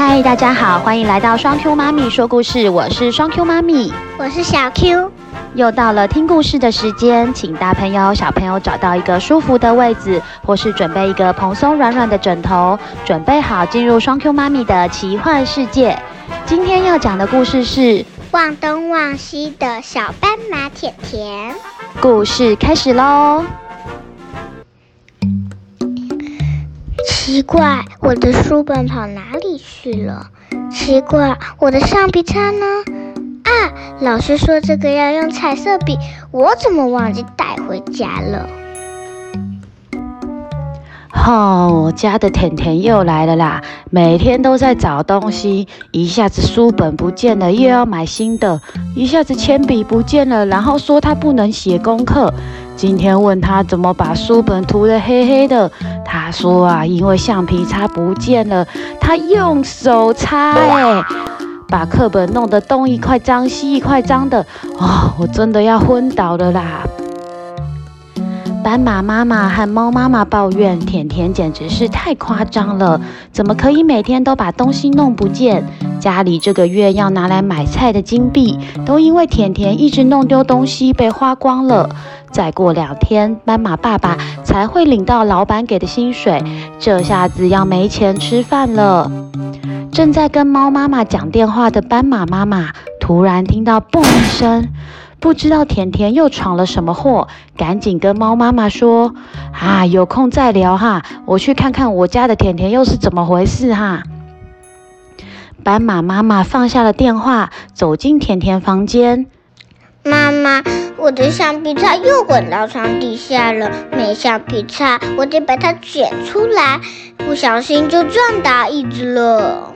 嗨，大家好，歡迎來到雙 Q 媽咪說故事，我是雙 Q 媽咪，我是小 Q，又到了聽故事的時間，請大朋友小朋友找到一個舒服的位置，或是準備一個蓬鬆軟軟的枕頭，準備好進入雙 Q 媽咪的奇幻世界。今天要講的故事是忘東忘西的小斑馬甜甜。故事開始嘍。奇怪，我的書本跑哪裡去了？奇怪，我的橡皮擦呢？啊，老師說這個要用彩色筆，我怎麼忘記帶回家了？好、哦、我家的甜甜又來了啦，每天都在找東西，一下子書本不見了，又要買新的；一下子鉛筆不見了，然後說他不能寫功課。今天問他怎麼把書本塗得黑黑的，他說啊，因為橡皮擦不見了，他用手擦、欸、把課本弄得東一塊髒西一塊髒的，哦，我真的要昏倒了啦！斑馬媽媽和貓媽媽抱怨，甜甜簡直是太誇張了，怎麼可以每天都把東西弄不見？家裡這個月要拿來買菜的金幣，都因為甜甜一直弄丟東西被花光了。再過兩天，斑馬爸爸才會領到老闆給的薪水，這下子要沒錢吃飯了。正在跟貓媽媽講電話的斑馬媽媽，突然聽到“嘣”一聲，不知道甜甜又闖了什麼禍，趕緊跟貓媽媽說：“啊，有空再聊哈，我去看看我家的甜甜又是怎麼回事哈。”斑馬媽媽放下了電話，走進甜甜房間，媽媽。我的橡皮擦又滾到床底下了，沒橡皮擦，我得把它撿出來，不小心就撞到椅子了。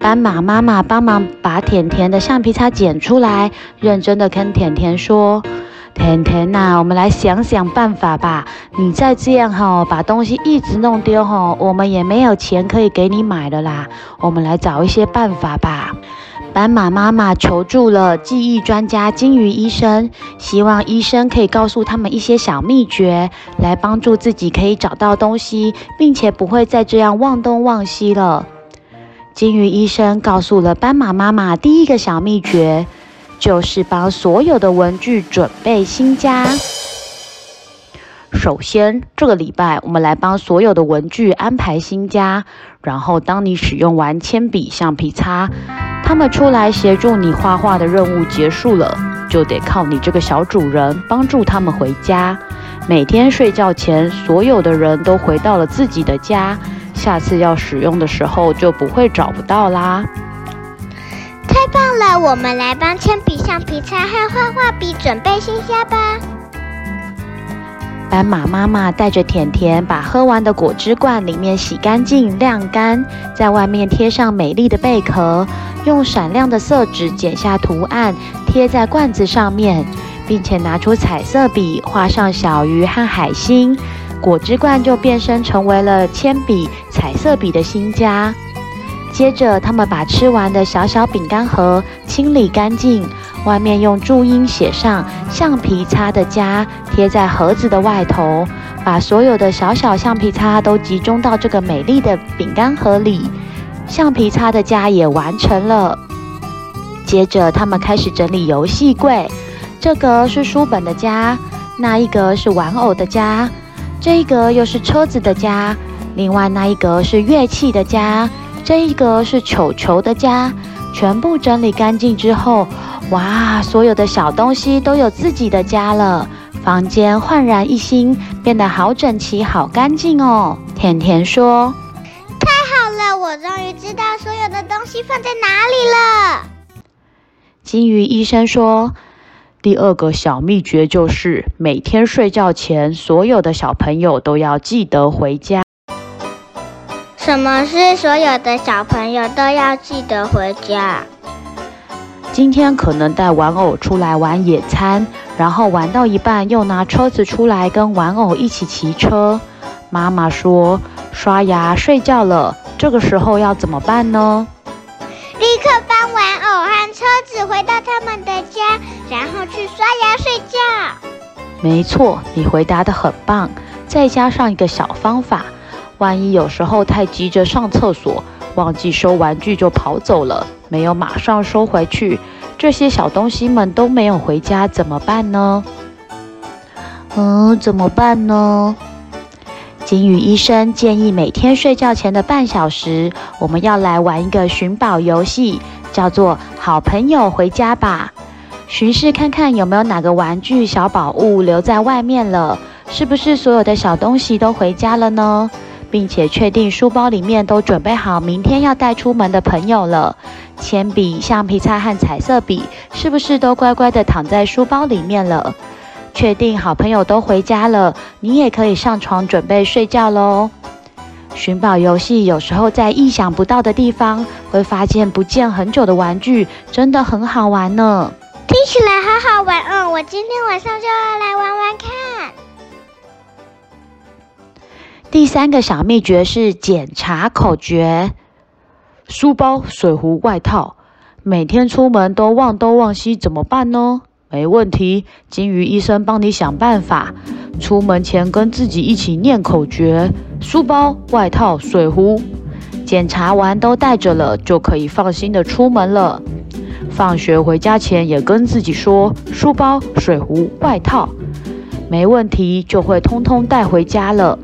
斑馬媽媽幫忙把甜甜的橡皮擦撿出來，認真的跟甜甜說：“甜甜吶、啊，我們來想想辦法吧，你再這樣、哦、把東西一直弄丟、哦、我們也沒有錢可以給你買的啦，我們來找一些辦法吧。”斑馬媽媽求助了記憶專家金魚醫生，希望醫生可以告訴他們一些小祕訣，來幫助自己可以找到東西，並且不會再這樣忘東忘西了。金魚醫生告訴了斑馬媽媽第一個小祕訣，就是幫所有的文具準備新家。首先，這個禮拜我們來幫所有的文具安排新家，然後，當你使用完鉛筆、橡皮擦，他們出來協助你畫畫的任務結束了，就得靠你這個小主人幫助他們回家。每天睡覺前，所有的人都回到了自己的家。下次要使用的時候就不會找不到啦。太棒了！我們來幫鉛筆、橡皮擦和畫畫筆準備新家吧。斑馬媽媽帶着甜甜把喝完的果汁罐裡面洗乾淨、晾乾，在外面貼上美麗的貝殼。用閃亮的色紙剪下圖案，貼在罐子上面，並且拿出彩色筆畫上小魚和海星，果汁罐就變身成為了鉛筆、彩色筆的新家。接着，他們把吃完的小小餅乾盒清理乾淨，外面用注音寫上“橡皮擦的家”，貼在盒子的外頭，把所有的小小橡皮擦都集中到這個美麗的餅乾盒裡。橡皮擦的家也完成了。接着，他們開始整理遊戲櫃。這格是書本的家，那一格是玩偶的家，這一格又是車子的家，另外那一格是樂器的家，這一格是球球的家。全部整理乾淨之後，哇，所有的小東西都有自己的家了，房間煥然一新，變得好整齊、好乾淨哦。甜甜說。我終於知道所有的東西放在哪裡了。金魚醫生說：“第二個小秘訣就是每天睡覺前，所有的小朋友都要記得回家。”什麼是所有的小朋友都要記得回家？今天可能帶玩偶出來玩野餐，然後玩到一半又拿車子出來跟玩偶一起騎車。媽媽說：“刷牙睡覺了。”這個時候要怎麼辦呢？立刻搬玩偶和車子回到他們的家，然後去刷牙睡覺。沒錯，你回答得很棒。再加上一個小方法，萬一有時候太急着上廁所，忘記收玩具就跑走了，沒有馬上收回去，這些小東西們都沒有回家，怎麼辦呢？嗯，怎麼辦呢？金魚醫生建議每天睡覺前的半小時，我們要來玩一個尋寶遊戲，叫做“好朋友回家吧”。巡視看看有沒有哪個玩具、小寶物留在外面了，是不是所有的小東西都回家了呢？並且確定書包裡面都準備好明天要帶出門的朋友了。鉛筆、橡皮擦和彩色筆是不是都乖乖地躺在書包裡面了？確定好朋友都回家了，你也可以上床準備睡覺嘍。尋寶遊戲有時候，在意想不到的地方會發現不見很久的玩具，真的很好玩呢。聽起來好好玩，嗯，我今天晚上就要來玩玩看。第三個小秘訣是檢查口訣：書包、水壺、外套。每天出門都忘東忘西，怎麼辦呢？沒問題，金魚醫生幫你想辦法。出門前跟自己一起念口訣：書包、外套、水壺。檢查完都帶着了，就可以放心的出門了。放學回家前也跟自己說：書包、水壺、外套。沒問題，就會通通帶回家了。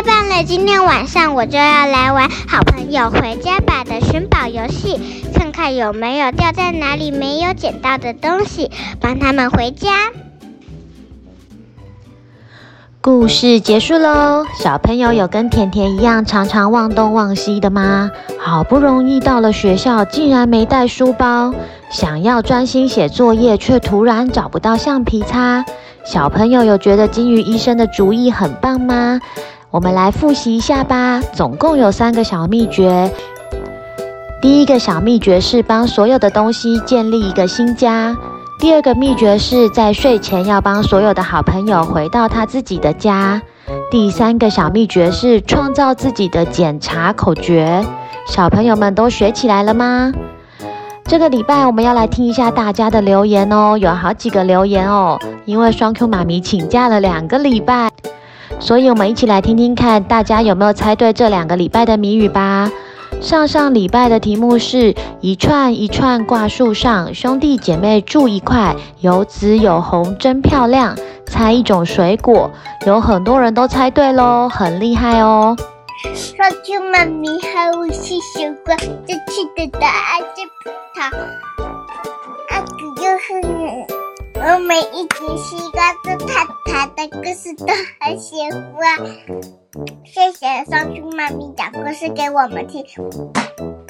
太棒了！今天晚上我就要來玩「好朋友回家吧」的尋寶遊戲，看看有沒有掉在哪裡沒有撿到的東西，幫他們回家。故事結束嘍。小朋友有跟甜甜一樣常常忘東忘西的嗎？好不容易到了學校，竟然沒帶書包。想要專心寫作業，卻突然找不到橡皮擦。小朋友有覺得金魚醫生的主意很棒嗎？我們來複習一下吧，總共有三個小秘訣。第一個小秘訣是幫所有的東西建立一個新家。第二個秘訣是，在睡前要幫所有的好朋友回到他自己的家。第三個小秘訣是創造自己的檢查口訣。小朋友們都學起來了嗎？這個禮拜我們要來聽一下大家的留言哦，有好幾個留言哦，因為雙 Q 媽咪請假了兩個禮拜。所以，我們一起來聽聽看，大家有沒有猜對這兩個禮拜的謎語吧？上上禮拜的題目是一串一串掛樹上，兄弟姐妹住一塊，有紫有紅真漂亮，猜一種水果。有很多人都猜對嘍，很厲害哦！上次媽咪喊我是西瓜，啊、這次的答案是葡萄，阿、啊、子就是你。我每一集《西瓜偵探團》的故事都很喜歡，謝謝雙 Q 媽咪講故事給我們聽，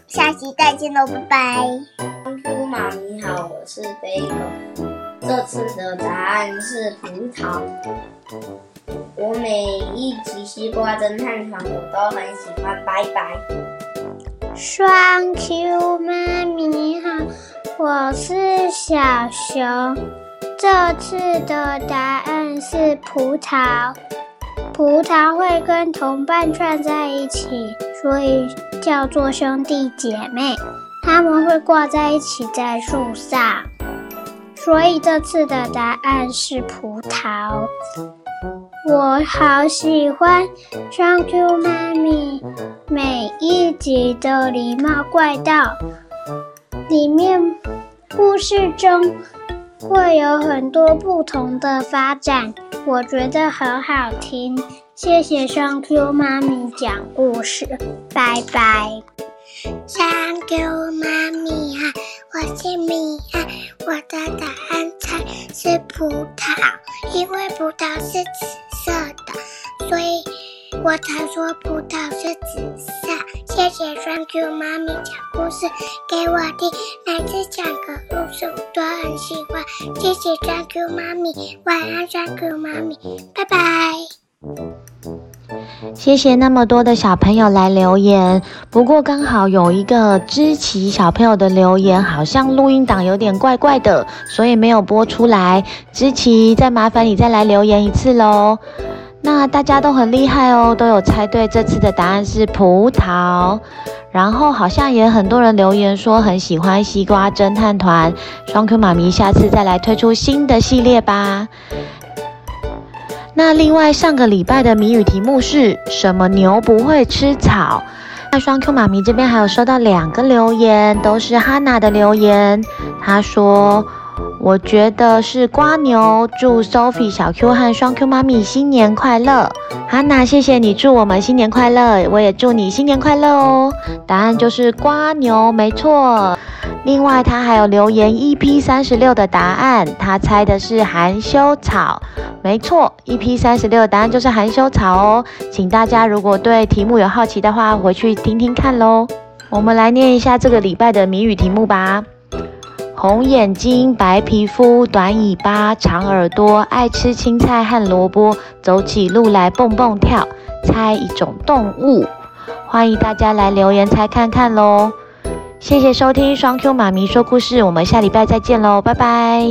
下期再見嘍，拜拜。雙 Q 媽咪好，我是貝克，這次的答案是葡萄。我每一集《西瓜偵探團》我都很喜歡，拜拜。雙 Q 媽咪好，我是小熊。這次的答案是葡萄，葡萄會跟同伴串在一起，所以叫做兄弟姐妹。他們會掛在一起在樹上，所以這次的答案是葡萄。我好喜歡《雙 Q 媽咪》每一集的《禮貌怪盜》，裡面故事中。會有很多不同的發展，我覺得很好聽。謝謝雙 Q 媽咪講故事，拜拜。雙 Q 媽咪啊，我是米婭，我的答案猜是葡萄，因為葡萄是紫色的，所以我才說葡萄是紫色。謝謝雙 Q 媽咪講故事給我聽，每次講個故事我都很喜歡。謝謝雙 Q 媽咪，晚安雙 Q 媽咪，拜拜。謝謝那麼多的小朋友來留言，不過剛好有一個芝琪小朋友的留言好像錄音檔有點怪怪的，所以沒有播出來。芝琪，再麻煩你再來留言一次嘍。那大家都很厲害哦，都有猜對。這次的答案是葡萄，然後好像也很多人留言說很喜歡《西瓜偵探團》。雙 Q 媽咪下次再來推出新的系列吧。那另外上個禮拜的謎語題目是，什麼牛不會吃草？那雙 Q 媽咪這邊還有收到兩個留言，都是哈娜的留言，她說我覺得是蝸牛，祝 Sophie 小 Q 和雙 Q 媽咪新年快樂。Hannah，謝謝你，祝我們新年快樂，我也祝你新年快樂哦。答案就是蝸牛，沒錯。另外，他還有留言 EP 三十六的答案，他猜的是含羞草，沒錯，EP 三十六的答案就是含羞草哦。請大家如果對題目有好奇的話，回去聽聽看咯。我們來念一下這個禮拜的謎語題目吧。紅眼睛、白皮膚、短尾巴、長耳朵，愛吃青菜和蘿蔔，走起路來蹦蹦跳。猜一種動物，歡迎大家來留言猜看看咯！謝謝收聽雙 Q 媽咪說故事，我們下禮拜再見嘍，拜拜。